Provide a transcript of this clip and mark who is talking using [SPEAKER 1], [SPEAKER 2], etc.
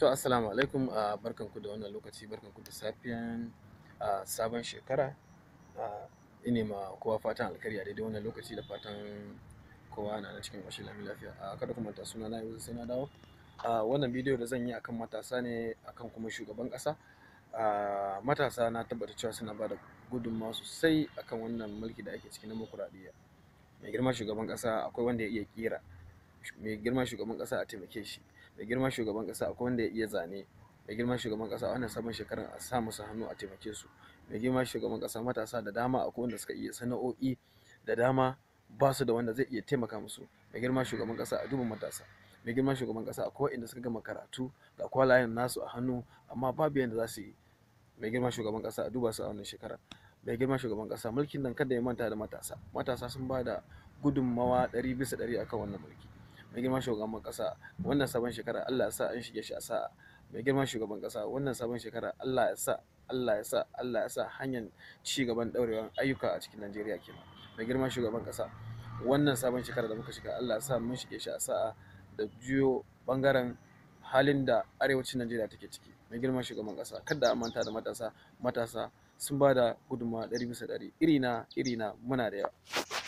[SPEAKER 1] To assalamu alaikum uh, barkanku da wannan lokaci barkanku da safiyan ah, sabon shekara uh, ah, ine ma kowa fatan alkari a daidai wannan lokaci da fatan kowa na na cikin ƙoshin lamin lafiya uh, kada ku manta suna na yau sai na dawo uh, wannan bidiyo da zan yi akan matasa ne akan kuma shugaban ƙasa uh, matasa na tabbata cewa suna ba da gudunmawa sosai akan wannan mulki da ake ciki na makuraɗiyya mai girma shugaban ƙasa akwai wanda ya iya kira mai girma shugaban kasa a taimake shi da girma shugaban kasa akwai wanda ya iya zane da girman shugaban kasa wannan sabon shekarar a sa musu hannu a taimake su da girman shugaban kasa matasa da dama akwai wanda suka iya sana'o'i da dama ba su da wanda zai iya taimaka musu da girman shugaban kasa a duba matasa mai girman shugaban kasa akwai inda suka gama karatu ga kwalayen nasu a hannu amma babu yadda za su yi mai girman shugaban kasa a duba su a wannan shekara mai girma shugaban kasa mulkin nan kada ya manta da matasa matasa sun ba da gudunmawa ɗari bisa ɗari akan wannan mulki mai girma shugaban kasa wannan sabon shekara Allah ya sa an shige shi a sa'a mai girma shugaban kasa wannan sabon shekara Allah ya sa Allah ya sa Allah ya sa hanyar ci gaban daurewar ayyuka a cikin Najeriya kenan mai girma shugaban kasa wannan sabon shekara da muka shiga Allah ya sa mun shige shi a sa'a da juyo bangaren halin da arewacin Najeriya take ciki mai girma shugaban kasa kada a manta da matasa matasa sun ba da gudunmawa ɗari bisa ɗari irina irina muna da yawa